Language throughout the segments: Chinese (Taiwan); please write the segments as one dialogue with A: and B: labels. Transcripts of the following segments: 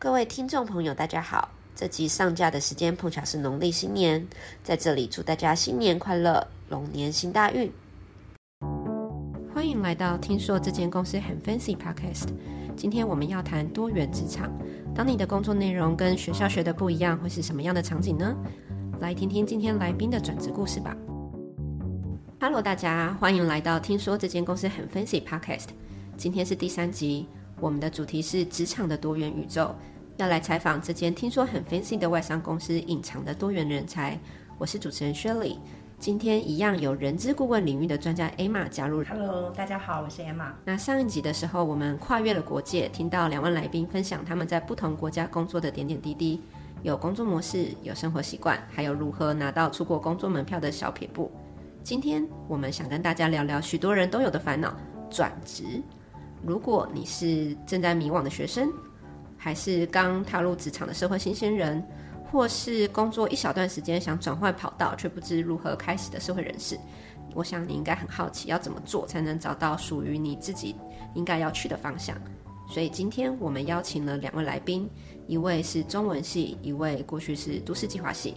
A: 各位聽眾朋友，大家好！這集上架的時間碰巧是農曆新年，在這裡祝大家新年快樂，龍年行大運。歡迎來到《聽說這間公司很 fancy》Podcast。今天我們要談多元職場，當你的工作內容跟學校學的不一樣，會是什麼樣的場景呢？來聽聽今天來賓的轉職故事吧。Hello，大家，歡迎來到《聽說這間公司很 fancy》Podcast，今天是第三集。我們的主題是職場的多元宇宙，要來採訪這間聽說很 fancy 的外商公司隱藏的多元人才。我是主持人 Shirley，今天一樣有人資顧問領域的專家 Emma 加入。Hello，大家好，我是 Emma。那上一集的時候，我們跨越了國界，聽到兩位來賓分享他們在不同國家工作的點點滴滴，有工作模式，有生活習慣，還有如何拿到出國工作門票的小撇步。今天我們想跟大家聊聊許多人都有的煩惱——轉職。如果你是正在迷惘的學生，還是剛踏入職場的社會新鮮人，或是工作一小段時間想轉換跑道卻不知如何開始的社會人士，我想你應該很好奇要怎麼做才能找到屬於你自己應該要去的方向。所以，今天我們邀請了兩位來賓，一位是中文系，一位過去是都市計劃系。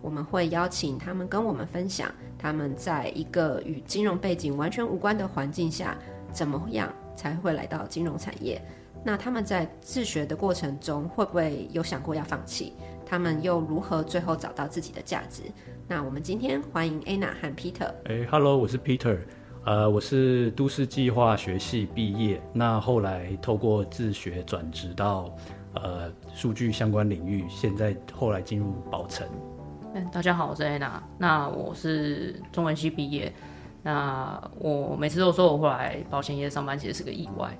A: 我們會邀請他們跟我們分享，他們在一個與金融背景完全無關的環境下，怎麼樣。才會來到金融產業，那他們在自學的過程中，會不會有想過要放棄？他們又如何最後找到自己的價值？那我們今天歡迎 Ana 和 Peter。
B: Hey, hello，我是 Peter，呃，我是都市計劃學系畢業，那後來透過自學轉職到呃數據相關領域，現在後來進入保誠。
C: 嗯，hey, 大家好，我是 Ana。那我是中文系畢業。那我每次都說，我後來保險業上班其實是個意外。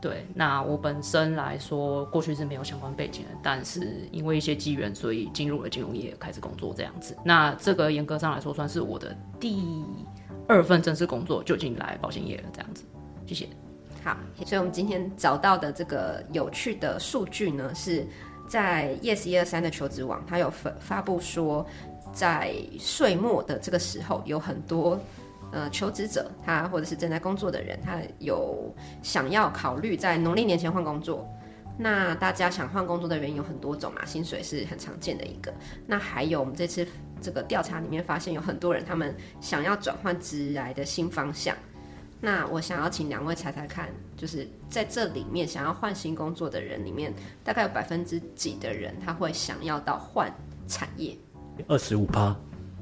C: 對，那我本身來說，過去是沒有相關背景的，但是因為一些機緣，所以進入了金融業開始工作這樣子。那這個嚴格上來說，算是我的第二份正式工作，就進來保險業了
A: 這樣子。謝謝。好，所以我們今天找到的這個有趣的數據呢，是在 Yes 一二三的求職網，它有發發布說，在歲末的這個時候，有很多。呃，求職者他或者是正在工作的人，他有想要考慮在農曆年前換工作。那大家想換工作的原因有很多種嘛、啊，薪水是很常見的一個。那還有我們這次這個調查裡面發現有很多人他們想要轉換職來的新方向。那我想要請兩位猜猜看，就是在這裡面想要換新工作的人裡面，大概有百分之幾的人他會想要到換產業？
B: 二十五趴？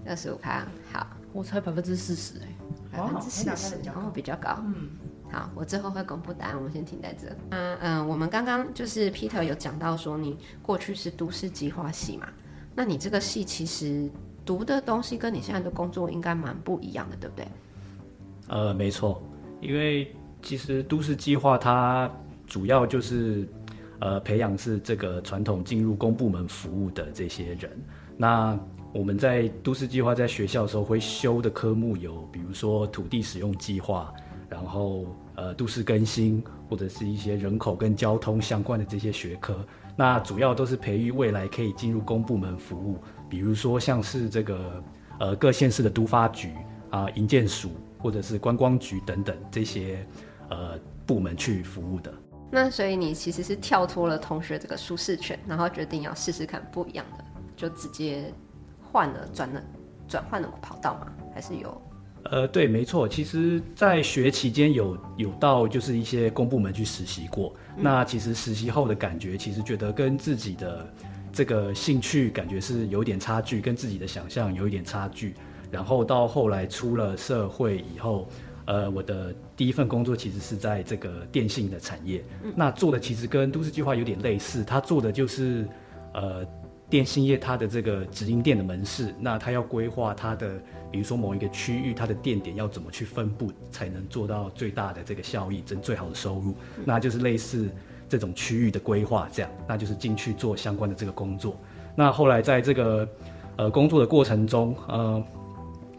A: 二十五趴？好，我猜百分之四十欸百分之四十，哦、然後比較高，嗯，好，我之後會公布答案，我們先停在這。嗯嗯、呃，我們剛剛就是 Peter 有講到說你過去是都市計劃系嘛，那你這個系其實讀的東西跟你現在的工作應該蠻不一樣的，對不對？
B: 呃，沒錯，因為其實都市計劃它主要就是，呃，培養是這個傳統進入公部門服務的這些人，那。我們在都市計劃在學校的時候會修的科目有，比如說土地使用計劃，然後呃都市更新或者是一些人口跟交通相關的這些學科。那主要都是培育未來可以進入公部門服務，比如說像是這個呃各縣市的都發局啊、呃、營建署或者是觀光局等等這些呃部門去服務的。
A: 那所以你其實是跳脫了同學這個舒適圈，然後決定要試試看不一樣的，就直接。換了轉了轉換了跑道嗎？還是有？
B: 呃，對，沒錯。其實，在學期間有有到就是一些公部門去實習過。嗯、那其實實習後的感覺，其實覺得跟自己的這個興趣感覺是有點差距，跟自己的想象有一點差距。然後到後來出了社會以後，呃，我的第一份工作其實是在這個電信的產業。嗯、那做的其實跟都市計劃有點類似，他做的就是呃。電信業它的這個直營店的門市，那它要規劃它的，比如說某一個區域，它的店點要怎麼去分布，才能做到最大的這個效益，增最好的收入，那就是類似這種區域的規劃這樣，那就是進去做相關的這個工作。那後來在這個呃工作的過程中，呃，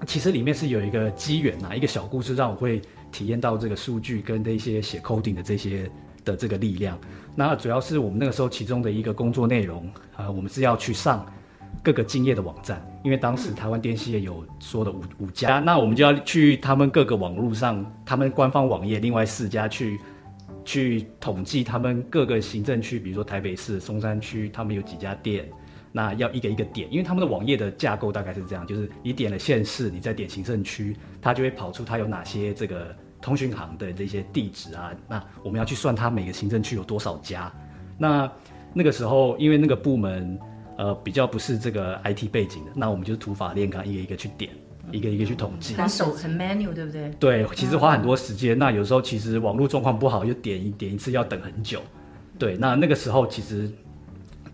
B: 其實裡面是有一個機緣哪，啊，一個小故事讓我會體驗到這個數據跟這些寫 coding 的這些的這個力量。那主要是我們那個時候其中的一個工作內容啊、呃，我們是要去上各個競業的網站，因為當時台灣電信業有說的五五家，那我們就要去他們各個網絡上，他們官方網頁另外四家去去統計他們各個行政區，比如說台北市、松山區，他們有幾家店，那要一個一個點，因為他們的網頁的架構大概是這樣，就是你點了縣市，你再點行政區，它就會跑出它有哪些這個。通訊行的這些地址啊，那我們要去算它每個行政區有多少家。那那個時候，因為那個部門呃比較不是這個 IT 背景的，那我們就是土法煉鋼，一個一個去點，一個一個去統計。很手
D: 很 manual，
B: 對不對？對，其實花很多時間。那有時候其實網絡狀況不好，又點一點一次要等很久。對，那那個時候其實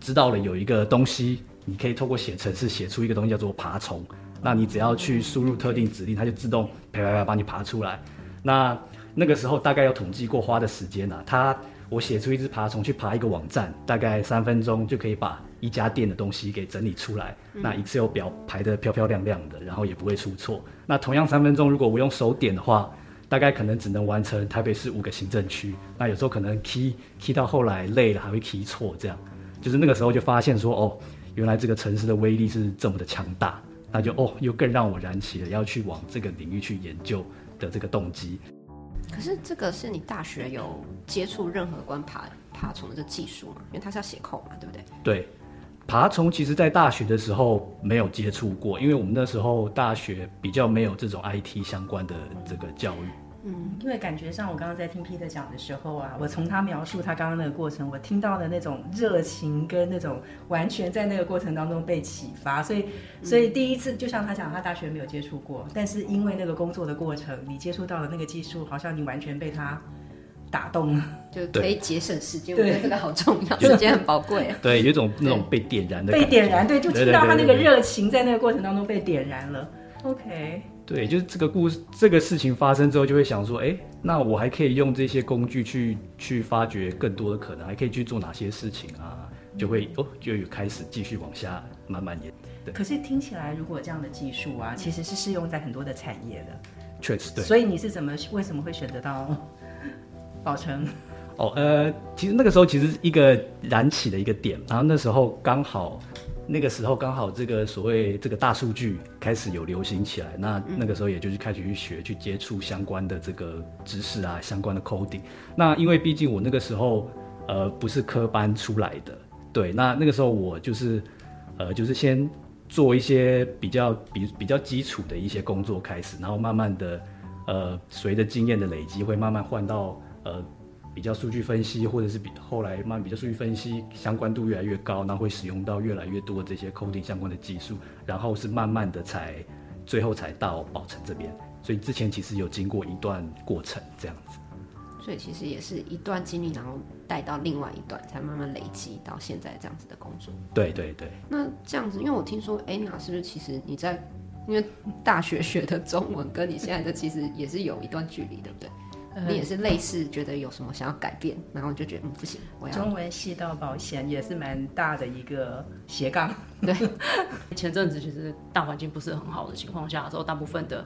B: 知道了有一個東西，你可以透過寫程式寫出一個東西叫做爬蟲。那你只要去輸入特定指令，它就自動啪啪啪幫你爬出來。那那個時候大概有統計過花的時間啊，他我寫出一隻爬蟲去爬一個網站，大概三分鐘就可以把一家店的東西給整理出來，那 Excel 表排得漂漂亮亮的，然後也不會出錯。那同樣三分鐘，如果我用手點的話，大概可能只能完成台北市五個行政區。那有時候可能 key key 到後來累了還會 key 錯，這樣就是那個時候就發現說，哦，原來這個程式的威力是這麼的強大，那就哦又更讓我燃起了要去往這個領域去研究。的這個動機，
A: 可是這個是你大學有接觸任何關爬爬蟲的這技術嗎？因為它是要寫 code 嘛，對不對？
B: 對，爬蟲其實，在大學的時候沒有接觸過，因為我們那時候大學比較沒有這種 IT 相關的這個教育。
A: 嗯，因為感
D: 覺上，我剛剛在聽 Peter 講的時候啊，我從他描述他剛剛那個過程，我聽到的那種熱情跟那種完全在那個過程當中被啟發，所以所以第一次就像他講，他大學沒有接觸過，但是因為那個工作的過程，你接觸到了那個技術，好像你完全被他打動了，就可以節省時間。對我覺得這個好重要， 時間很寶貴
B: 啊。 對，有種那種被點燃的感覺。被點燃，對，就聽到他那個熱
D: 情在那個過程當中被點燃了。對對對對對 OK。
B: 對，就是這個故事，這個事情發生之後，就會想說，哎，那我還可以用這些工具去去發掘更多的可能，還可以去做哪些事情啊？就會哦，就有開始繼續往下慢慢演。對，
D: 可是聽起來，如果這樣的技術啊，嗯、其實是適用在很多的產業的，確實對。所以你是怎麼為什麼會選擇到保存？
B: 哦，呃，其實那個時候其實一個燃起的一個點，然後那時候剛好。那個時候剛好這個所謂這個大數據開始有流行起來，那那個時候也就是開始去學、去接觸相關的這個知識啊，相關的 coding。那因為畢竟我那個時候呃不是科班出來的，對，那那個時候我就是呃就是先做一些比較比比較基礎的一些工作開始，然後慢慢的呃隨着經驗的累積，會慢慢換到呃。比較數據分析，或者是比後來慢比較數據分析相關度越來越高，那會使用到越來越多的這些 coding 相關的技術，然後是慢慢的才最後才到保誠這邊，所以之前其實有經過一段過程這樣子。
A: 所以其實也是一段經歷，然後帶到另外一段，才慢慢累積到現在這樣子的工作。
B: 對對對。
A: 那這樣子，因為我聽說安娜、欸、是不是其實你在因為大學學的中文跟你現在的其實也是有一段距離， 對不對？你也是類似覺得有什麼想要改變，嗯、然後你就覺得嗯不行，我要中文系到保
D: 險也
C: 是蠻大的一個斜槓。對， 前陣子其實大環境不是很好的情況下的時候，大部分的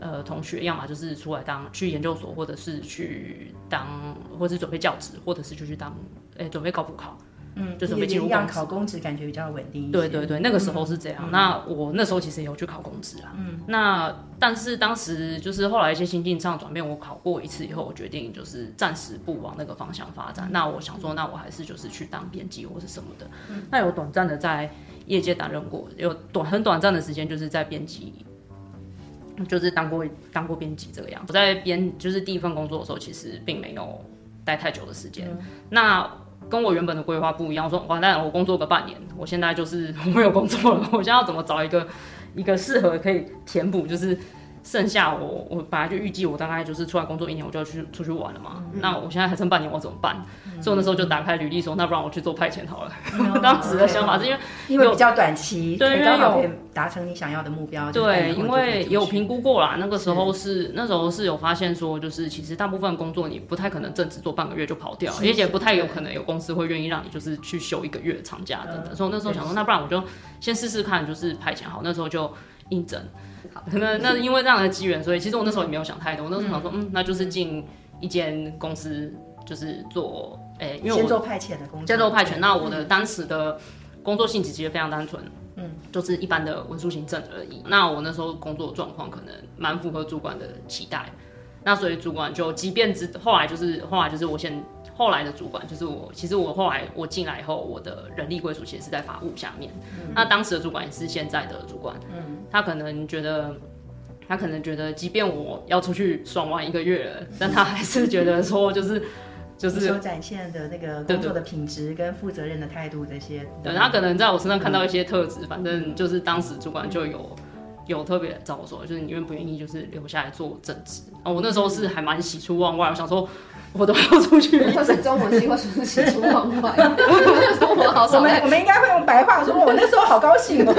C: 呃同學，要麼就是出來當去研究所或、或，或者是去當，或是準備教職，或者是就去當，哎，準備高普考。嗯，就是準備進考公職，感覺比較穩定一些。對對對，那個時候是這樣。嗯嗯、那我那時候其實也有去考公職啊。嗯。那但是當時就是後來一些心境上的轉變，我考過一次以後，我決定就是暫時不往那個方向發展。那我想說，那我還是就是去當編輯或是什麼的。嗯。那有短暫的在業界擔任過，嗯、有短很短暫的時間，就是在編輯，就是當過當過編輯這個樣子。我在編就是第一份工作的時候，其實並沒有待太久的時間。嗯、那。跟我原本的規劃不一樣，我說完蛋，哇那我工作個半年，我現在就是我沒有工作了，我現在要怎麼找一個一個適合可以填補，就是。剩下我，我本來就預計我大概就是出來工作一年，我就要去出去玩了嘛。那我現在還剩半年，我怎麼辦？所以那時候就打開履歷說，那不然我去做派遣好了。當時的想法是因為因為比較短期，對，剛好可以達成你想要的目標。對，因為有評估過啦。那個時候是那時候是有發現說，就是其實大部分工作你不太可能正職做半個月就跑掉，而且不太有可能有公司會願意讓你就是去休一個月長假等等。所以那時候想說，那不然我就先試試看，就是派遣好。那時候就應徵好，那那因為這樣的機緣，所以其實我那時候也沒有想太多。我那時候想說，嗯，嗯，那就是進一間公司，就是做，哎、欸，因為我先做
D: 派遣的工作，先做派遣。對對對，那我的
C: 當時的工作性質其實非常單純，嗯，就是一般的文書行政而已。嗯、那我那時候工作狀況可能蠻符合主管的期待，那所以主管就即便之，後來就是後來就是我先。後來的主管就是我，其實我後來我進來以後，我的人力歸屬其實是在法務下面。嗯、那當時的主管也是現在的主管，嗯、他可能覺得，他可能覺得，即便我要出去爽玩一個月了， 但他還是覺得說、就是，就是就是所展
D: 現的那個工作的品質跟負責任的態度這些。對，對，對，對，他可能在我身上看到
C: 一些特質，嗯、反正就是當時主管就有。有特別，找我說，就是你願不願意，就是留下來做正職。然、哦、我那時候是還蠻喜出望外，我想說，我都要出去。他是中文系，或是，是喜出望外。我們我們應
D: 該會用白話，說我那時候好高興、喔。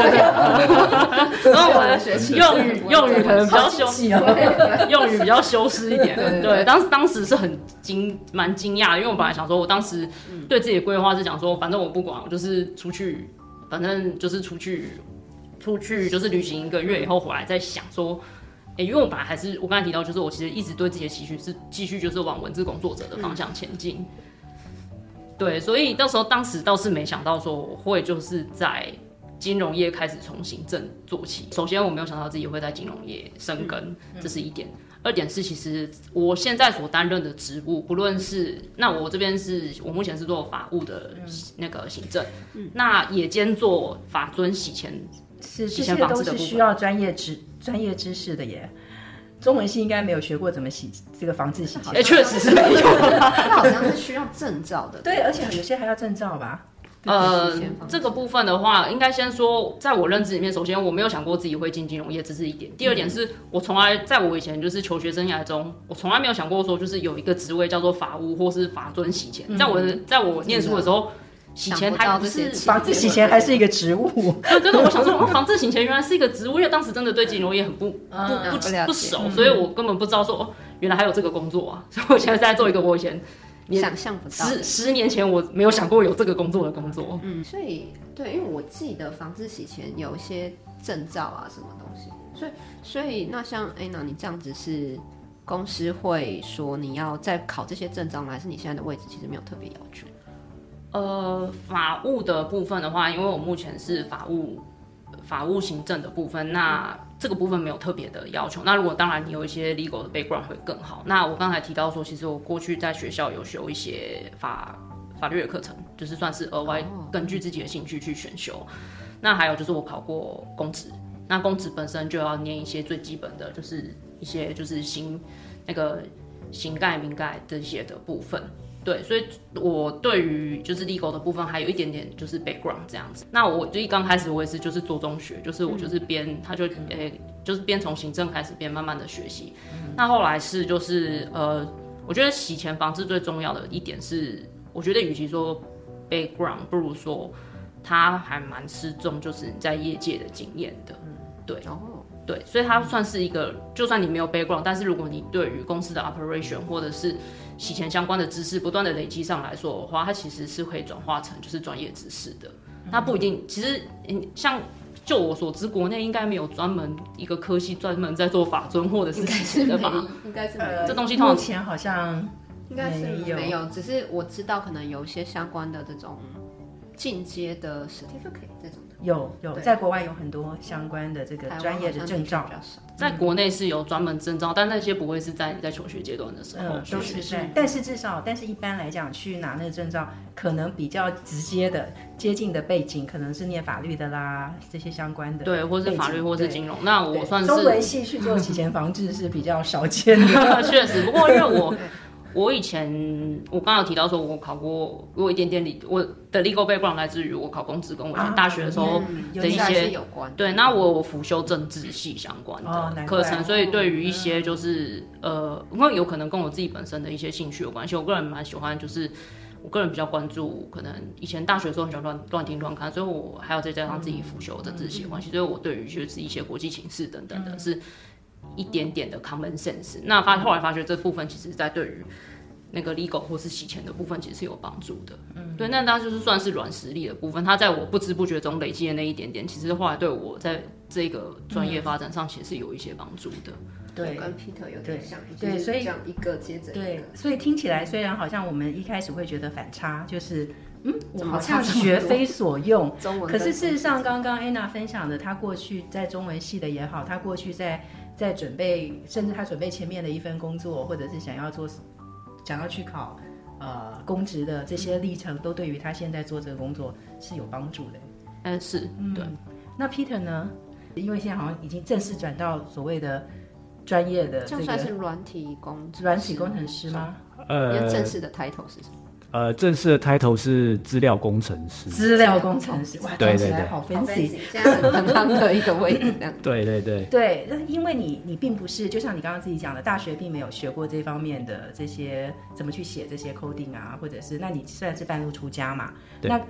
C: 用我們學起用語，用語可能比較羞澀， 對對對對，用語比較修飾一點。對，當當時是很驚，蠻驚訝的，因為我本來想說，我當時對自己的規劃是講說，反正我不管，我就是出去，反正就是出去。出去就是旅行一個月以後回來，再想說，哎、嗯欸，因為我本來還是我剛才提到，就是我其實一直對自己的期許是繼續就是往文字工作者的方向前進。嗯、對，所以到時候當時倒是沒想到說我會就是在金融業開始從行政做起。首先我沒有想到自己會在金融業生根，嗯、這是一點。嗯、二點是，其實我現在所擔任的職務，不論是那我這邊是我目前是做法務的那個行政，嗯、那也兼做法遵洗錢。是，這些都是需要
D: 專業知專業知識的耶。中文系應該沒有學過怎麼洗這個房子洗錢，確、欸、實是沒有。那好像是需要證照的，對， 對，而且有些還要證照吧。
C: 呃，這個部分的話，應該先說，在我認知裡面，首先我沒有想過自己會進金融業，這是一點。第二點是我從來、嗯、在我以前就是求學生涯中，我從來沒有想過說就是有一個職位叫做法務或是法遵洗錢。嗯、在我在我唸書的時候。嗯嗯洗錢還是
D: 防制洗錢還是一個職務？真
C: 的， 就是、我想說，我們防制洗錢原來是一個職務，因為當時真的對金融也很不、嗯、不不，不，、啊、不，不熟，嗯、所以我根本不知道說，哦，原來還有這個工作啊！所以我現在是在做一個我以前、嗯、年想象不到十十年前我沒有想過有這個工作的工
A: 作。嗯，所以對，因為我記得防制洗錢有一些證照啊，什麼東西，所以所以那像哎，那你這樣子是公司會說你要再考這些證照嗎？還是你現在的位置其實沒有特別要求？呃，
C: 法務的部分的話，因為我目前是法務，法務行政的部分，那這個部分沒有特別的要求。那如果當然你有一些 legal 的 background 會更好。那我剛才提到說，其實我過去在學校有修一些法法律的課程，就是算是額外根據自己的興趣去選修。Oh. 那還有就是我考過公職，那公職本身就要念一些最基本的就是一些就是刑，那個刑概民概這些的部分。對，所以我對於就是 legal 的部分還有一點點就是 background 這樣子。那我就一剛開始我也是就是做中學，就是我就是邊、嗯、他就誒、嗯欸、就是邊從行政開始邊慢慢的學習。嗯、那後來是就是呃，我覺得洗錢防制最重要的一點是，我覺得與其說 background，不如說他還蠻側重就是你在業界的經驗的。嗯，對，哦、對，所以他算是一個，就算你沒有 background，但是如果你對於公司的 operation、嗯、或者是洗錢相關的知識不斷的累積上來說的話，它其實是可以轉化成就是專業知識的。那不一定，其實嗯，像就我所知，國內應該沒有專門一個科系專門在做法遵或者是什麼的吧？應該是沒有。
A: 這東西通常錢好像應該是沒有，只是我知道可能有一些相關的這種進階的 certificate 這種。
D: 有有，在國外有很多相關的這個專業的證照，嗯、
C: 在國內是有專門證照，但那些不會是在你在求學階段的時候，嗯、都是，是，是
D: 但是至少，但是一般來講，去拿那個證照，可能比較直接的、嗯、接近的背景，可能是念法律的啦，這些相關的，對，或是法律，或是金融。對對那我算是中文系去做洗錢防治是比較少見的，確 實。不過因為我。
C: 我以前，我剛剛有提到說，我考過，我一點點理，我的 legal background 來自於我考公職，跟我以前大學的時候的一些、啊嗯、有，有關。對，對那我我輔修政治系相關的課程，哦啊，所以對於一些就是、嗯、呃，因為有可能跟我自己本身的一些興趣有關係，我個人蠻喜歡，就是我個人比較關注，可能以前大學的時候很喜歡亂亂聽亂看，所以我還有再加上自己輔修政治系關係，嗯、所以我對於就是一些國際情勢等等的是。嗯一點點的 common sense，、嗯、那發後來發覺這部分其實，在對於那個 legal 或是洗錢的部分，其實是有幫助的。嗯，對，那大家就是算是軟實力的部分，他在我不知不覺中累積的那一點點，其實後來對我在這個專業發展上，其實是有一些幫助的。嗯、對，跟 Peter 有點像，
D: 對，對對所以這
A: 樣一個接着
D: 一個，對，所以聽起來雖然好像我們一開始會覺得反差，就是嗯，好像學非所用，中文，可是事實上，剛剛 Anna 分享的，他過去在中文系的也好，他過去在。在準備，甚至他準備前面的一份工作，或者是想要做，想要去考，呃，公職的這些歷程，嗯、都對於他現在做這個工作是有幫助的。嗯，是對。那 Peter 呢？因為現在好像已經正式轉到所謂的專業的、這個、就算是
A: 軟體工，軟體工程師嗎？呃，正式的 title 是什麼？
B: 呃，正式的 title 是資料工程師。資
A: 料工程師、程師哇，聽起來好 fancy，很棒的一個位置，這樣，
B: 對對
C: 對。
D: 對，那因為你你並不是，就像你剛剛自己講的，大學並沒有學過這方面的這些怎麼去寫這些 coding 啊，或者是，那你算是半路出家嘛？對那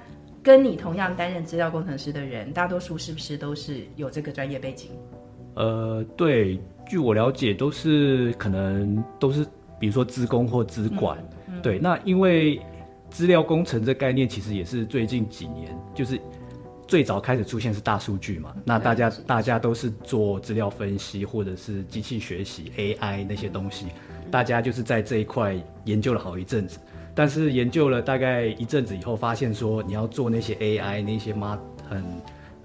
D: 跟你同樣擔任資料工程師的人，大多數是不是都是有這個專業背景？
B: 呃，對，據我了解，都是可能都是，比如說資工或資管，嗯嗯、對，那因為。資料工程這概念其實也是最近幾年，就是最早開始出現是大數據嘛。那大家大家都是做資料分析或者是機器學習 AI 那些東西，大家就是在這一塊研究了好一陣子。但是研究了大概一陣子以後，發現說你要做那些 AI 那些嗎？很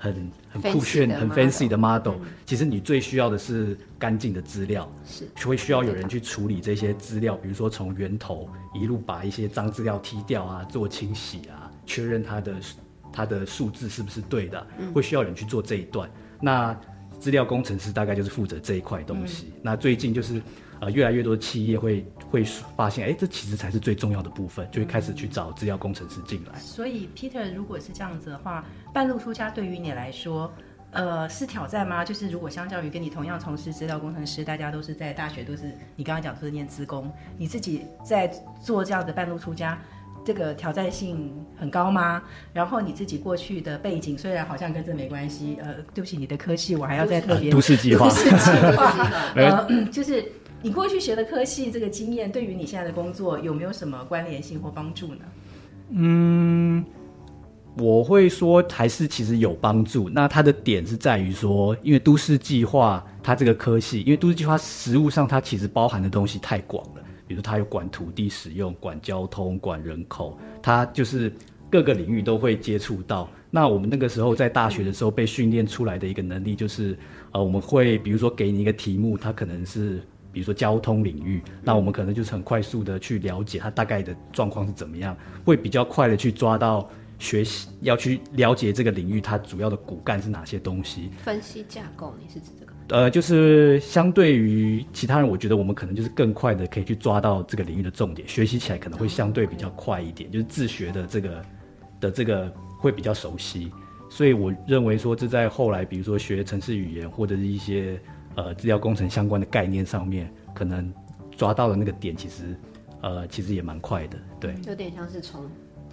B: 很很酷炫很 fancy 的 model。嗯，其實你最需要的是乾淨的資料，是就會需要有人去處理這些資料，比如說從源頭一路把一些髒資料踢掉啊，做清洗啊，確認它的它的數字是不是對的，會需要人去做這一段。那資料工程師大概就是負責這一塊東西。嗯，那最近就是。呃，越來越多企業會會發現，哎，這其實才是最重要的部分，就會開始去找資料工程師進來。
D: 所以，Peter，如果是這樣子的話，半路出家對於你來說，呃，是挑戰嗎？就是如果相較於跟你同樣從事資料工程師，大家都是在大學都是你剛剛講都是念資工，你自己在做這樣的半路出家，這個挑戰性很高嗎？然後你自己過去的背景雖然好像跟這沒關係，呃，對不起，你的科系我還要再特別都市計劃，都市計劃，就是。你過去學的科系這個經驗，對於你現在的工作有沒有什麼關聯性或幫助
B: 呢？嗯，我會說還是其實有幫助。那它的點是在於說，因為都市計劃它這個科系，因為都市計劃實務上它其實包含的東西太廣了，比如說它有管土地使用、管交通、管人口，它就是各個領域都會接觸到。那我們那個時候在大學的時候被訓練出來的一個能力，就是呃，我們會比如說給你一個題目，它可能是。比如說交通領域，嗯、那我們可能就是很快速的去了解它大概的狀況是怎麼樣，會比較快的去抓到學習要去了解這個領域它主要的骨幹是哪些東西。
A: 分析架構，你是指
B: 這個？呃，就是相對於其他人，我覺得我們可能就是更快的可以去抓到這個領域的重點，學習起來可能會相對比較快一點，就是自學的這個的這個會比較熟悉。所以我認為說，這在後來，比如說學程式語言或者是一些。呃，資料工程相關的概念上面，可能抓到的那個點，其實，呃，其實也蠻快的，對。
A: 就有點像是從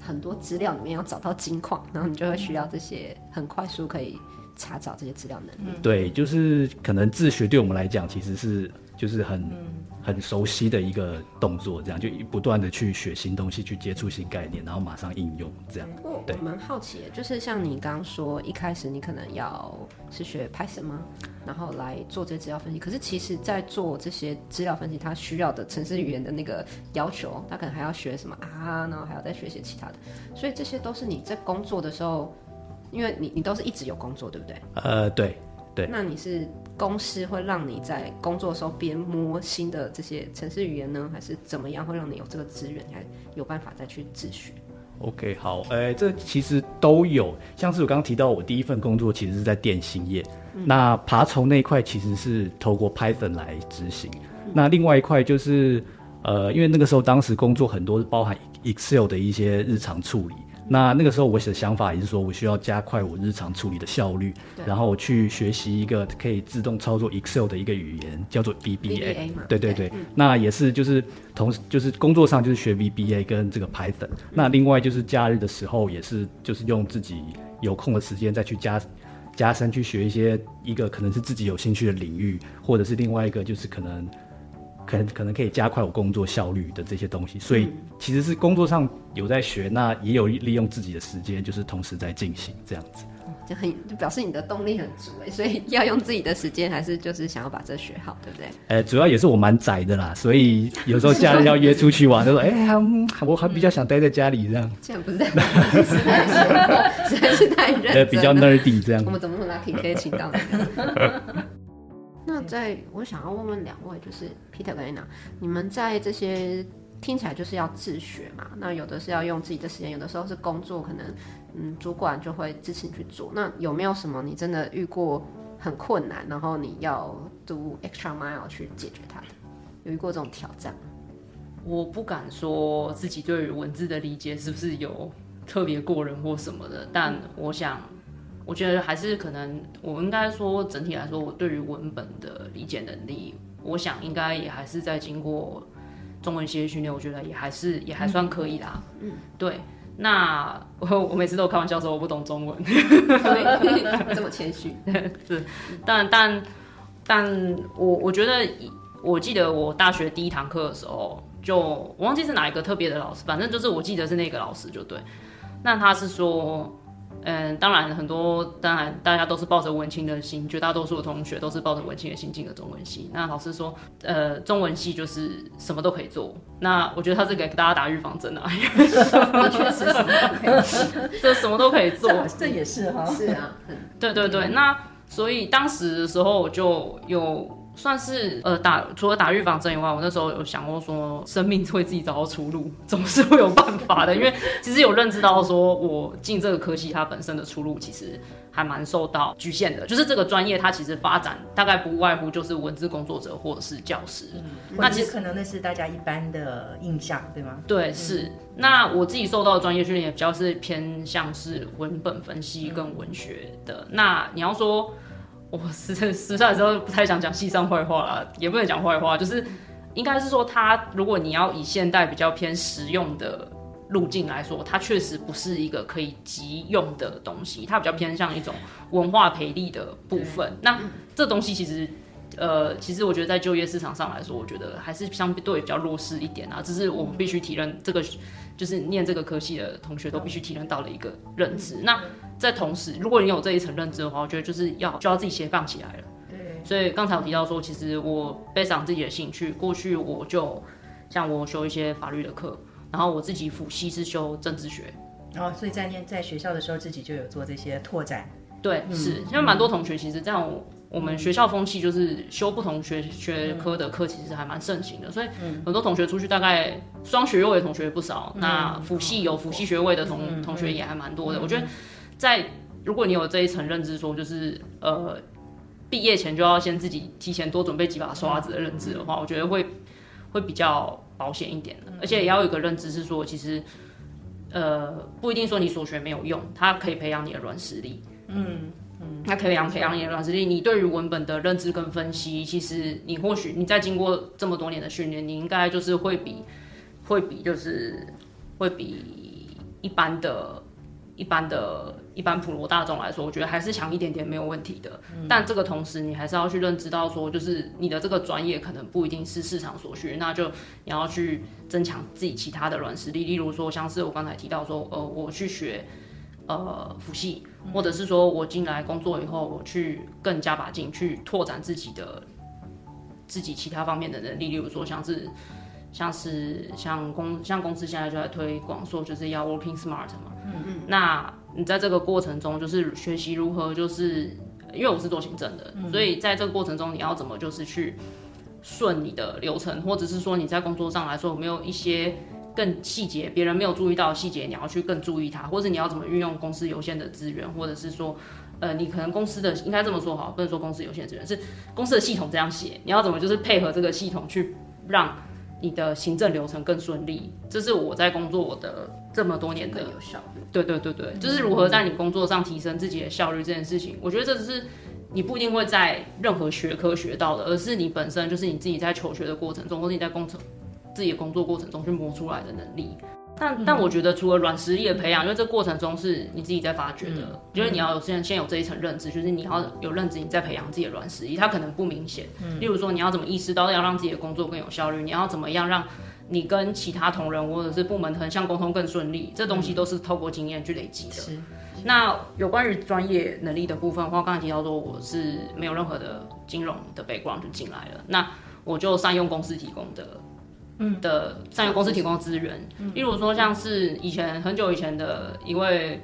A: 很多資料裡面要找到金礦，然後你就會需要這些很快速可以查找這些資料能力。嗯、對，
B: 就是可能自學對我們來講，其實是就是很、嗯。很熟悉的一個動作，這樣就不斷的去學新東西，去接觸新概念，然後馬上應用，這樣。對，不過
A: 我蠻好奇，就是像你剛剛說，一開始你可能要是學 Python 嗎？然後來做這資料分析。可是其實，在做這些資料分析，它需要的程式語言的那個要求，它可能還要學什麼啊？然後還要再學一些其他的。所以這些都是你在工作的時候，因為你你都是一直有工作，對不對？
B: 呃，對對。那
A: 你是？公司會讓你在工作的時候邊摸新的這些程式語言呢，還是怎麼樣？會讓你有這個資源，還有辦法再去自學
B: ？OK，好，哎、欸，這其實都有。像是我剛剛提到，我第一份工作其實是在電信業，嗯、那爬蟲那一塊其實是透過 Python 來執行。嗯、那另外一塊就是，呃，因為那個時候當時工作很多是包含 Excel 的一些日常處理。那那個時候我寫的想法也是說，我需要加快我日常處理的效率，對然後我去學習一個可以自動操作 Excel 的一個語言，叫做 VBA。對對對，對那也是就是同就是工作上就是學 VBA 跟這個 Python，嗯。那另外就是假日的時候也是就是用自己有空的時間再去加加深去學一些一個可能是自己有興趣的領域，或者是另外一個就是可能。可能可能可以加快我工作效率的這些東西，所以其實是工作上有在學，那也有利用自己的時間，就是同時在進行這樣子。嗯、就
A: 很就表示你的動力很足哎、欸，所以要用自己的時間，還是就是想要把這學好，對不對？
B: 呃、欸，主要也是我蠻宅的啦，所以有時候假日要約出去玩，都 說哎，我、欸、還、um, 我還比較想待在家裡這樣。這
A: 樣不是太，哈哈哈哈實在是太宅比較 nerdy 這樣。我們怎麼怎麼可以可以請到？ 那在我想要問問兩位，就是 Peter 跟 Anna，、e、你們在這些聽起來就是要自學嘛？那有的是要用自己的時間，有的時候是工作，可能嗯，主管就會支持你去做。那有沒有什麼你真的遇過很困難，然後你要 do extra mile 去解決它的？有遇過這種挑戰？我
C: 不敢說自己對於文字的理解是不是有特別過人或什麼的，嗯、但我想。我覺得還是可能，我應該說整體來說，我對於文本的理解能力，我想應該也還是在經過中文系訓練，我覺得也還是也還算可以啦。嗯，嗯對。那我我每次都開玩笑說我不懂中文， 所以這麼謙虛， 是。但但但我我覺得，我記得我大學第一堂課的時候，就我忘記是哪一個特別的老師，反正就是我記得是那個老師就對。那他是說。嗯，當然很多，當然大家都是抱着文青的心，絕大多數的同學都是抱着文青的心進的中文系。那老師說，呃，中文系就是什麼都可以做。那我覺得他是給大家打預防針的，啊，確 實， 這什麼都可以做，這，這
D: 也是哈，哦， 是啊，
C: 是，對對對。對，那所以當時的時候我就有。算是呃、打，除了打預防針以外，我那時候有想過說，生命會自己找到出路，總是會有辦法的。 因為其實有認知到說，我進這個科系，它本身的出路其實還蠻受到局限的。就是這個專業，它其實發展大概不外乎就是文字工作者或者是教師。嗯、那其實
D: 可能那是大家一般的印象，對嗎？對，嗯、是。
C: 那我自己受到的專業訓練也比較是偏向是文本分析跟文學的。嗯、那你要說。我私私下的時候不太想講系上壞話啦，也不能講壞話，就是應該是說它，如果你要以現代比較偏實用的路徑來說，它確實不是一個可以急用的東西，它比較偏向一種文化培力的部分。那這東西其實。呃，其實我覺得在就業市場上來說，我覺得還是相對比較弱勢一點啊。只是我們必須體認，這個、嗯這個、就是念這個科系的同學都必須體認到的一個認知。嗯、那、嗯、在同時，如果你有這一層認知的話，我覺得就是要就要自己先放起來了。對。所以剛才我提到說，其實我背上自己的興趣，過去我就像我修一些法律的課，然後我自己輔修是修政治學。
D: 哦，所以在念在學校的時候，
C: 自己就有做這些拓展。對，嗯、是。因為蠻多同學其實這樣我。我們學校風氣就是修不同學學科的課，其實還蠻盛行的，所以很多同學出去，大概雙學位的同學不少，嗯、那輔系有輔系學位的同同學也還蠻多的。嗯嗯嗯、我覺得，在如果你有這一層認知，說就是呃，畢業前就要先自己提前多準備幾把刷子的認知的話，嗯嗯、我覺得會會比較保險一點的、嗯嗯、而且也要有一個認知是說，其實呃，不一定說你所學沒有用，它可以培養你的軟實力。嗯。那、嗯、培養培養你的軟實力，你對於文本的認知跟分析，其實你或許你在經過這麼多年的訓練，你應該就是會比會比就是會比一般的一般的一般普羅大眾來說，我覺得還是強一點點沒有問題的。嗯、但這個同時，你還是要去認知到說，就是你的這個專業可能不一定是市場所需，那就你要去增強自己其他的軟實力，例如說像是我剛才提到說，呃，我去學。呃，複習，或者是說我進來工作以後，我去更加把勁去拓展自己的自己其他方面的能力，例如說像是像是像公像公司現在就在推廣說就是要 working smart 嘛，嗯嗯哼，那你在這個過程中，就是學習如何，就是因為我是做行政的，嗯、所以在這個過程中，你要怎麼就是去順你的流程，或者是說你在工作上來說有沒有一些，更細節，別人沒有注意到的細節，你要去更注意它，或者你要怎麼運用公司有限的資源，或者是說，呃，你可能公司的應該這麼說好，不能說公司有限的資源，是公司的系統這樣寫，你要怎麼就是配合這個系統去讓你的行政流程更順利？這是我在工作我的這麼多年的效率。對對對對，嗯、就是如何在你工作上提升自己的效率這件事情，我覺得這只是你不一定會在任何學科學到的，而是你本身就是你自己在求學的過程中，或者你在工程。自己的工作過程中去磨出來的能力，但但我覺得除了軟實力的培養，嗯、因為這過程中是你自己在發掘的，嗯、就是你要有先、嗯、先有這一層認知，就是你要有認知，你再培養自己的軟實力，它可能不明顯。嗯、例如說，你要怎麼意識到要讓自己的工作更有效率，你要怎麼樣讓你跟其他同仁或者是部門橫向溝通更順利，嗯、這東西都是透過經驗去累積的。是。那有關於專業能力的部分，我剛才提到說，我是沒有任何的金融的 background 就進來了，那我就善用公司提供的。嗯，的上游公司提供資源，例如說像是以前很久以前的一位，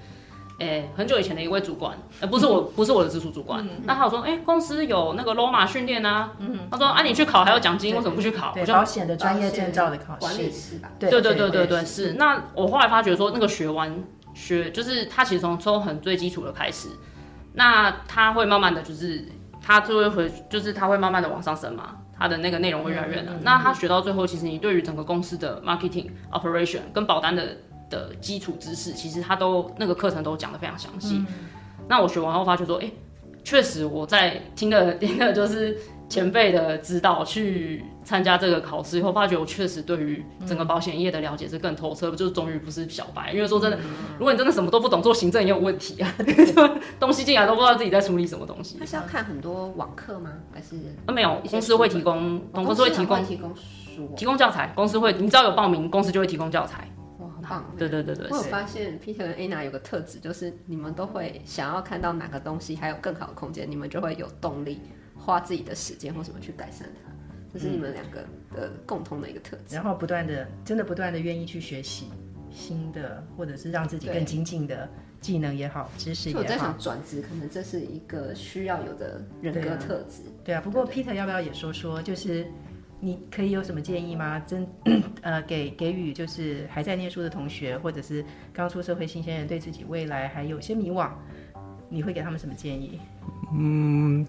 C: 誒，很久以前的一位主管，呃，不是我，不是我的直屬主管。那他說，哎，公司有那個 LOMA 訓練啊，嗯，他說，啊，你去考還有獎金，為什麼不去考？保險的專業證照的考試，管理師吧，對對對對對，是。那我後來發覺說，那個學完學，就是他其實從抽很最基礎的開始，那他會慢慢的，就是他就會回，就是他會慢慢的往上升嘛。他的那個內容會越來越難，嗯嗯嗯、那他學到最後，其實你對於整個公司的 marketing、operation 跟保單的的基礎知識，其實他都那個課程都講得非常詳細。嗯、那我學完後發覺說，誒、欸，確實我在聽的聽的就是前輩的指導去參加這個考試以後，發覺我確實對於整個保險業的了解是更透徹，嗯、就是終於不是小白。因為說真的，嗯嗯嗯，如果你真的什麼都不懂，做行政也有問題啊，嗯嗯 東西進來都不知道自己在處理什麼東西。他是要看很多網
A: 課嗎？還是、
C: 啊？沒有，公司會提供，哦、公司會提供、哦、公司會提供、啊、提供教材。公司會，你只要有報名，公司就會提供教材。哇，很棒！對對對對、對。對，我有發
A: 現 Peter 跟 Anna 有個特質，就是你們都會想要看到哪個東西還有更好的空間，你們就會有動力花自己的時間或什麼去改善它。
D: 這是你們兩
A: 個的共同的一個特質。嗯，然後
D: 不斷的，真的不斷的願意去學習新的，或者是讓自己更精進的技能也好，對知識也好。我在想轉
A: 職，可能這是一個需要有的人格的特質。對啊，對啊，
D: 對不對？不過 Peter 要不要也說說，就是你可以有什麼建議嗎？真， 呃，給給予就是還在念書的同學，或者是剛出社會新鮮人，對自己未來還有些迷惘，你會給他們什麼建議？嗯。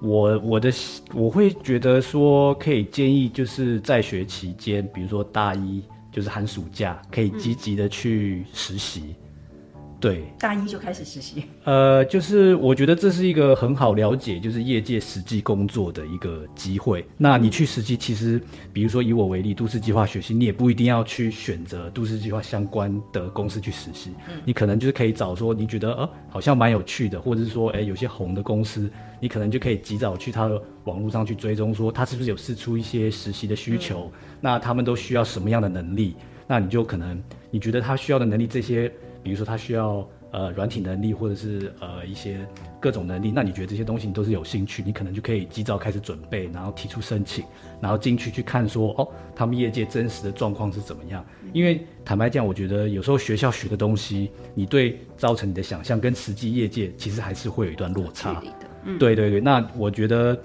B: 我我的我會覺得說，可以建議就是在學期間，比如說大一，就是寒暑假，可以積極的去實習。對，
D: 大一就開始實習，
B: 呃，就是我覺得這是一個很好了解，就是業界實際工作的一個機會。那你去實習，其實比如說以我為例，都市計劃學習，你也不一定要去選擇都市計劃相關的公司去實習，嗯、你可能就是可以找說你覺得呃好像蠻有趣的，或者是說哎有些紅的公司，你可能就可以及早去他的網絡上去追蹤，說他是不是有釋出一些實習的需求，嗯、那他們都需要什麼樣的能力，那你就可能你覺得他需要的能力這些。比如說，他需要呃軟體能力，或者是呃一些各種能力，那你覺得這些東西你都是有興趣？你可能就可以及早開始準備，然後提出申請，然後進去去看說哦，他們業界真實的狀況是怎麼樣？嗯、因為坦白講，我覺得有時候學校學的東西，你對造成你的想象跟實際業界其實還是會有一段落差。對、嗯、對對對。那我覺得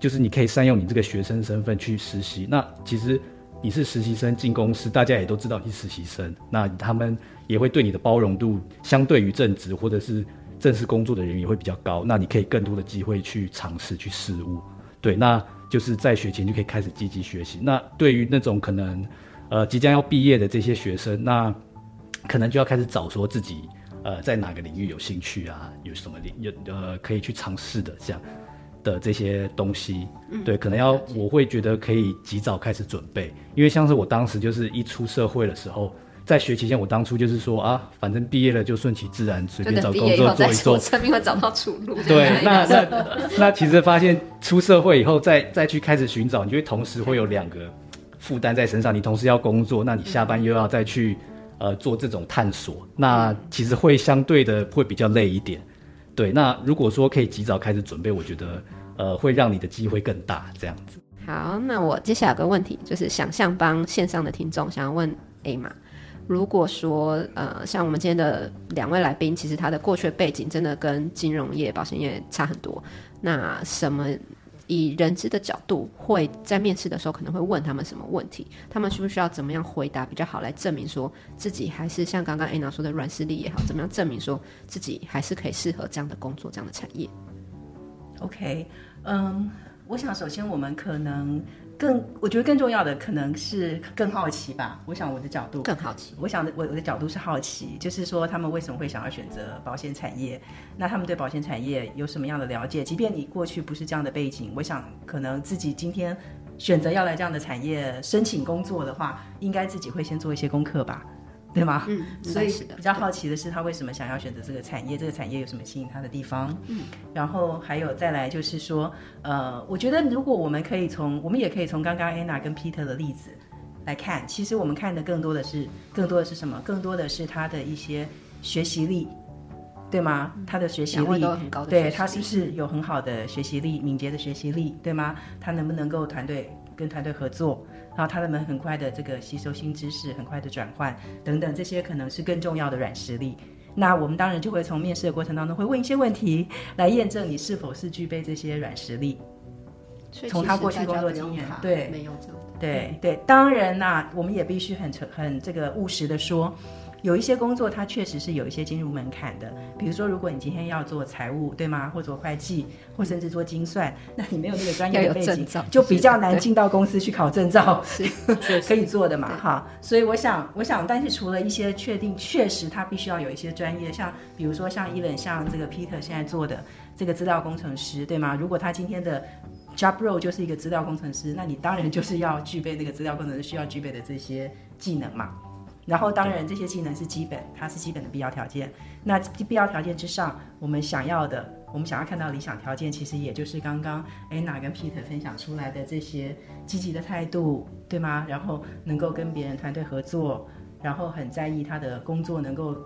B: 就是你可以善用你這個學生身份去實習。那其實。你是實習生進公司，大家也都知道你是實習生，那他們也會對你的包容度，相對於正職或者是正式工作的人也會比較高，那你可以更多的機會去嘗試去試誤，對，那就是在學前就可以開始積極學習。那對於那種可能，呃，即將要畢業的這些學生，那可能就要開始找說自己，呃，在哪個領域有興趣啊，有什麼領域呃可以去嘗試的這樣。的這些東西，嗯、對，可能要、嗯、我會覺得可以及早開始準備，因為像是我當時就是一出社會的時候，在學期間，我當初就是說啊，反正畢業了就順其自然，隨便找工作、做一做，生
A: 命會找到出路。對， 那那那
B: 其實發現出社會以後再，再再去開始尋找，你就會同時會有兩個負擔在身上，你同時要工作，那你下班又要再去、嗯、呃做這種探索，那其實會相對的會比較累一點。對，那如果說可以及早開始準備，我覺得，呃，會讓你的機會更大，這樣子。
A: 好，那我接下來有個問題，就是想象幫線上的聽眾想要問艾瑪，如果說呃，像我們今天的兩位來賓，其實他的過去的背景真的跟金融業、保險業差很多，那什麼？以人資的角度，會在面試的時候可能會問他們什麼問題？他們需不需要怎麼樣回答比較好，來證明說自己還是像剛剛艾娜說的軟實力也好，怎麼樣證明說自己還是可以適合這樣的工作、這樣的產業？OK，
D: 嗯，我想首先我們可能。更我覺得更重要的可能是更好奇吧。奇我想我的角度更好奇，我想的我我的角度是好奇，就是說他們為什麼會想要選擇保險產業？那他們對保險產業有什麼樣的了解？即便你過去不是這樣的背景，我想可能自己今天選擇要來這樣的產業申請工作的話，應該自己會先做一些功課吧。對嗎？嗯，但 所以是的，比較好奇的是，他為什麼想要選擇這個產業？對這個產業有什麼吸引他的地方？嗯，然後還有再來就是說，呃，我覺得如果我們可以從，我們也可以從剛剛 Anna 跟 Peter 的例子來看，其實我們看的更多的是，更多的是什麼？嗯、更多的是他的一些學習力，對嗎？嗯、他的學習力很高，對，嗯、他是不是有很好的學習力、嗯、敏捷的學習力，對嗎？他能不能夠團隊跟團隊合作？然後他們很快的這個吸收新知識，很快的轉換等等，這些可能是更重要的軟實力。那我們當然就會從面試的過程當中會問一些問題來驗證你是否是具備這些軟實力。所
A: 以其實從他過去工作的經驗，對，沒對、
D: 嗯、對，對，當然啦，我們也必須很很這個務實的說。有一些工作，它確實是有一些進入門檻的，比如說，如果你今天要做財務，對嗎？或做會計，或甚至做精算，那你沒有那個專業的背景，就比較難進到公司去考證照。是， 是，是可以做的嘛，哈對。所以我想，我想，但是除了一些確定確實他必須要有一些專業，像比如說像伊倫，像這個 Peter 現在做的這個資料工程師，對嗎？如果他今天的 job role 就是一個資料工程師，那你當然就是要具備那個資料工程師需要具備的這些技能嘛。然後，當然這些技能是基本，對它是基本的必要條件。那必要條件之上，我們想要的，我們想要看到理想條件，其實也就是剛剛 Ana 跟 Peter 分享出來的這些積極的態度，對嗎？然後能夠跟別人團隊合作，然後很在意他的工作能夠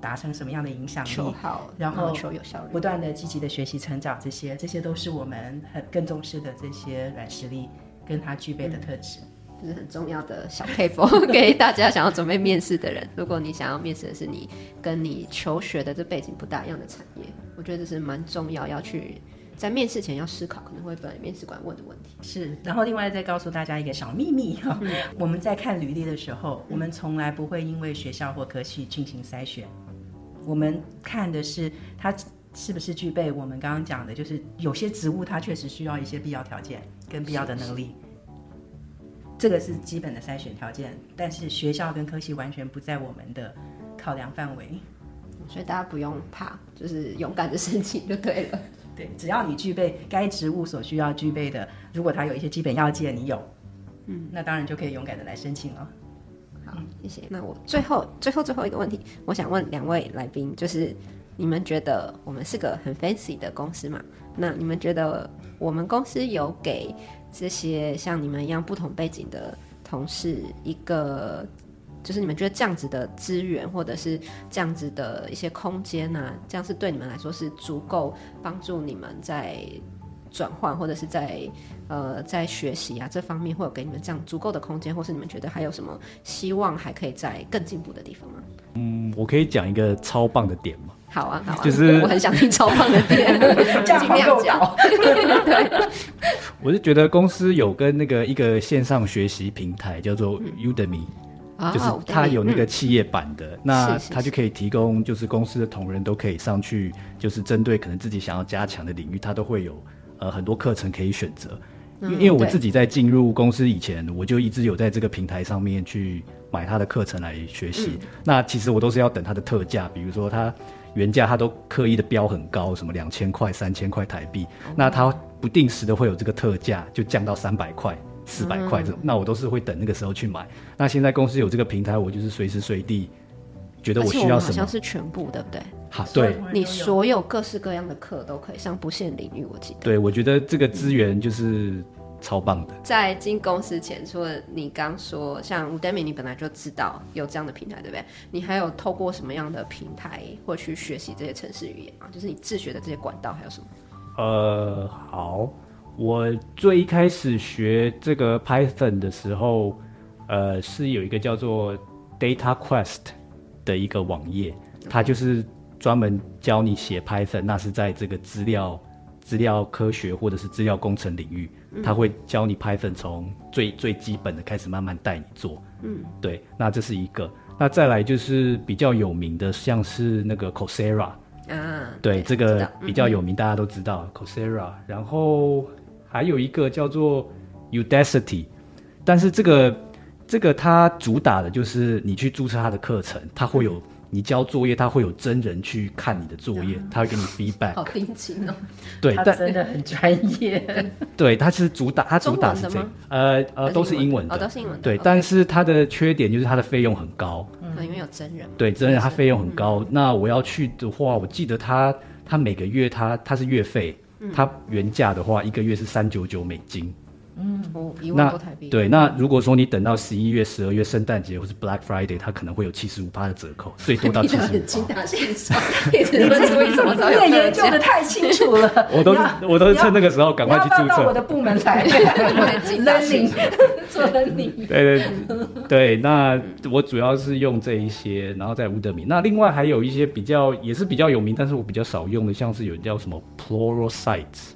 D: 達成什麼樣的影響力，求好然後求有效率，不斷的積極的學習成長，這些這些都是我們很更重視的這
A: 些軟實力跟他具備的特質。嗯是很重要的小配方，給大家想要準備面試的人。 如果你想要面試的是你跟你求學的這背景不大一樣的產業，我覺得這是蠻重要，要去在面試前要思考可能會被面試官問的問題。是，
D: 然後另外再告訴大家一個小秘密、喔： 我們在看履歷的時候，嗯、我們從來不會因為學校或科系進行篩選，我們看的是它是不是具備我們剛剛講的，就是有些職務它確實需要一些必要條件跟必要的能力。是是這個是基本的篩選條件，但是學校跟科系，完全不在我們的考量範圍，所以大家不用怕，就是勇敢的申請就對了。對，只要你具備該職務所需要具備的，
A: 如果他有一些基本要件你有，嗯，
D: 那當然就可以勇敢的來申請了、哦。
A: 好，謝謝。嗯、那我最後、啊、最後最後一個問題，我想問兩位來賓，就是你們覺得我們是個很 fancy 的公司嗎？那你們覺得？我們公司有給這些像你們一樣不同背景的同事一個，就是你們覺得這樣子的資源或者是這樣子的一些空間呢、啊，這樣是對你們來說是足夠幫助你們在轉換或者是在呃在學習啊這方面，會有給你們這樣足夠的空間，或是你們覺得還有什麼希望還可以再更進步的地方嗎？嗯，
B: 我可以講一個超棒的點嗎？
A: 好啊，好啊，就是我很想聽超棒的店，盡量講。對，
B: 我是覺得公司有跟那個一個線上學習平台叫做 Udemy，嗯、就是它有那個企業版的。嗯、那它就可以提供，就是公司的同仁都可以上去，就是針對可能自己想要加強的領域，它都會有呃很多課程可以選擇。因為我自己在進入公司以前，我就一直有在這個平台上面去買它的課程來學習。嗯、那其實我都是要等它的特價，比如說它。原價它都刻意的標很高，什麼兩千塊、三千塊台幣。Okay. 那它不定時的會有這個特價，就降到三百塊、四百塊這種。嗯、那我都是會等那個時候去買。那現在公司有這個平台，我就是隨時隨地覺得我需要什麼。好像是全部對不對？好、啊，對，你所
A: 有各式各樣的課都可以上，像不限領域，我記
B: 得。對，我覺得這個資源就是。嗯超棒的！
A: 在進公司前，除了你剛說像 Udemy，你本來就知道有這樣的平台，對不對？你還有透過什麼樣的平台或去學習這些程式語言啊？就是你自學的這些管道還有什麼？
B: 呃，好，我最一開始學這個 Python 的時候，呃，是有一個叫做 Data Quest 的一個網頁，Okay. 它就是專門教你寫 Python，那是在這個資料資料科學或者是資料工程領域。他會教你 Python，從最最基本的開始，慢慢帶你做。嗯，對，那這是一個。那再來就是比較有名的，像是那個 Coursera，嗯，對，對這個比較有名，嗯嗯大家都知道 Coursera，然後還有一個叫做 Udacity，但是這個這個它主打的就是你去註冊它的課程，它會有。你交作業，他會有真人去看你的作業，他會給你 feedback。
A: 好用心哦。對，但真的很專業。
B: 對，它是主打，他主打是這。中文的嗎？呃呃，都是英文。哦，都是英文。對，但是它的缺點就是它的費用很高。嗯，因為有真人。對，真人，它費用很高。那我要去的話，我記得它，他每個月，它他是月費。他它原價的話，一個月是三九九美金。嗯，哦，一萬多台幣。對，那如果說你等到十一月、十二月聖誕節，或是 Black Friday，它可能會有七十五八的折扣，所以多到七十五們
A: 你為什麼？你研究得太清
D: 楚了。我都，我都趁那個時候趕快去注冊。我的部門來 l e a r 做了你。對對
B: 對，那我主要是用這一些，然後在烏德米。那另外還有一些比較，也是比較有名，但是我比較少用的，像是有叫什麼 Pluralsight。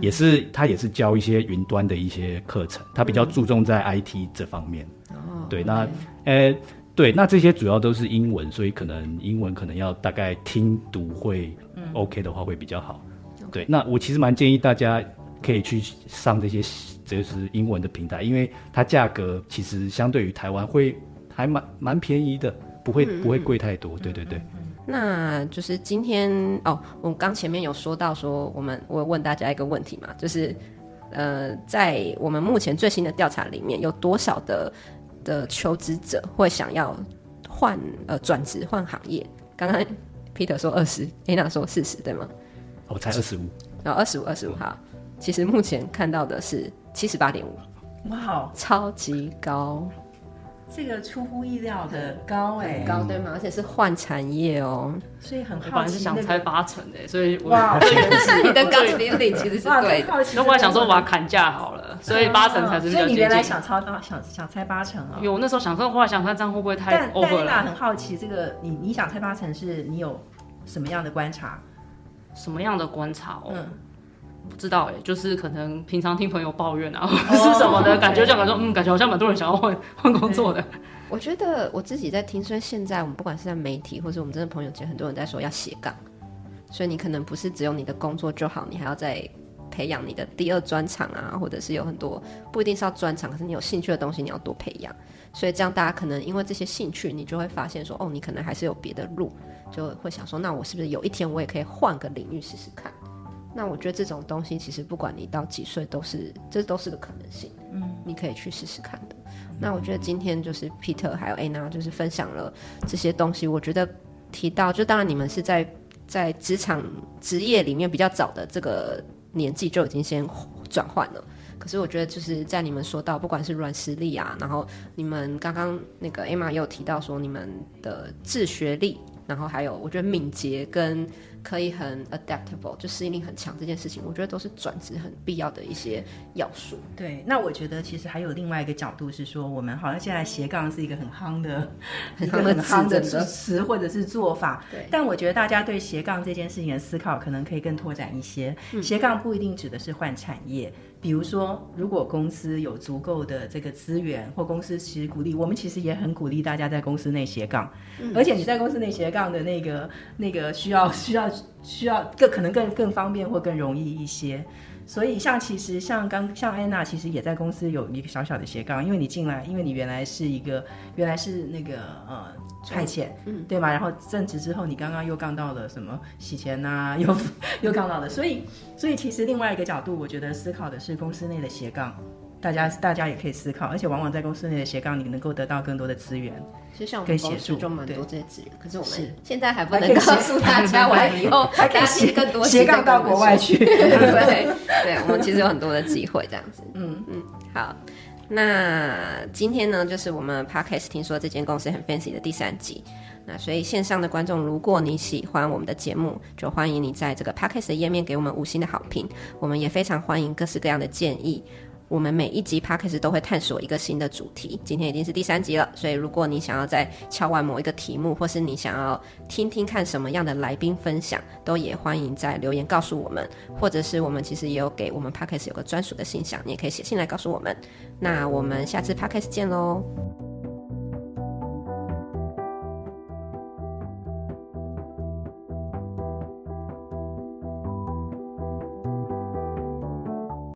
B: 也是，他也是教一些雲端的一些課程，嗯、他比較注重在 IT 這方面。哦，對，那，誒 okay.、欸，對，那這些主要都是英文，所以可能英文可能要大概聽讀會、嗯、，OK 的話會比較好。Okay. 對，那我其實蠻建議大家可以去上這些，就是英文的平台，Okay. 因為它價格其實相對於台灣會還蠻蠻便宜的，不會嗯嗯嗯不會貴太多。對對對，對。
A: 那就是今天哦，我剛前面有說到說我們我問大家一個問題嘛，就是，呃，在我們目前最新的調查裡面，有多少的的求職者會想要換呃轉職換行業？剛剛 Peter 說二十，Anna 說四十，對嗎？
B: 我、哦、才二十五，
A: 然後二十五二十五哈，其實目前看到的是七十八點五，哇哦，超級高。
D: 這個出乎意料
A: 的高哎，高對嗎？而且是換產業哦，所以很好奇。我本來想猜八成的，所以哇，你的高度理解其實是對。我本想說我要砍價
C: 好了，所以八成才是。所以你原來想
D: 超到想想猜八成啊？
C: 有，我那時候想說，我來想看
D: 這樣會不會太 Over 了？但但那很好奇，這個你你想猜八成是，你有什麼樣的觀察？
C: 什麼樣的觀察？嗯。不知道哎、欸，就是可能平常聽朋友抱怨啊，或者是什麼的感覺。就感覺說，嗯，感覺好像蠻多人想要換換工作的。
A: 我覺得我自己在聽，所以現在我們不管是在媒體，或是我們真的朋友其實很多人在說要斜槓。所以你可能不是只有你的工作就好，你還要再培養你的第二專長啊，或者是有很多不一定是要專長，可是你有興趣的東西，你要多培養。所以這樣大家可能因為這些興趣，你就會發現說，哦，你可能還是有別的路，就會想說，那我是不是有一天我也可以換個領域試試看？那我覺得這種東西，其實不管你到幾歲，都是這都是個可能性，嗯，你可以去試試看的。嗯，那我覺得今天就是 Peter 還有 Anna 就是分享了這些東西，我覺得提到就當然你們是在在職場職業裡面比較早的這個年紀就已經先轉換了。可是我覺得就是在你們說到不管是軟實力啊，然後你們剛剛那個 Emma 也有提到說你們的自學力，然後還有我覺得敏捷跟。可以很 adaptable，就適應力很強這件事情，我覺得都是轉職很必要的一些要素。
D: 對，那我覺得其實還有另外一個角度是說，我們好像現在斜槓是一個很夯的、
A: 很夯的、的、很夯的詞、
D: 詞或者是做法。對。但我覺得大家對斜槓這件事情的思考，可能可以更拓展一些。嗯、斜槓不一定指的是換產業。比如說，如果公司有足夠的這個資源，或公司其實鼓勵，我們其實也很鼓勵大家在公司內斜槓，而且你在公司內斜槓的那個那個需要需要需要更可能更更方便或更容易一些。所以，像其實像剛像安娜，其實也在公司有一個小小的斜槓，因為你進來，因為你原來是一個原來是那個呃，派遣，嗯，對吧，然後正職之後，你剛剛又槓到了什麼洗錢吶、啊，又又槓到了，嗯、所以，所以其實另外一個角度，我覺得思考的是公司內的斜槓。大家大家也可以思考，而且往往在公司內的斜槓你能夠得到更多的資源，
A: 其實像我們公司就蠻多這些資源，可是我們是現在還不能還告訴大家，我還以後還可以更多斜槓到國外去，外去 對，對，對，我們其實有很多的機會這樣子，嗯嗯，好，那今天呢就是我們 podcast 聽說這間公司很 fancy 的第三集，那所以線上的觀眾，如果你喜歡我們的節目，就歡迎你在這個 podcast 的頁面給我們五星的好評，我們也非常歡迎各式各樣的建議。我們每一集 Podcast 都會探索一個新的主題，今天已經是第三集了，所以如果你想要再敲碗某一個題目，或是你想要聽聽看什麼樣的來賓分享，都也歡迎在留言告訴我們，或者是我們其實也有給我們 Podcast 有個專屬的信箱，你也可以寫信來告訴我們。那我們下次 Podcast 見嘍。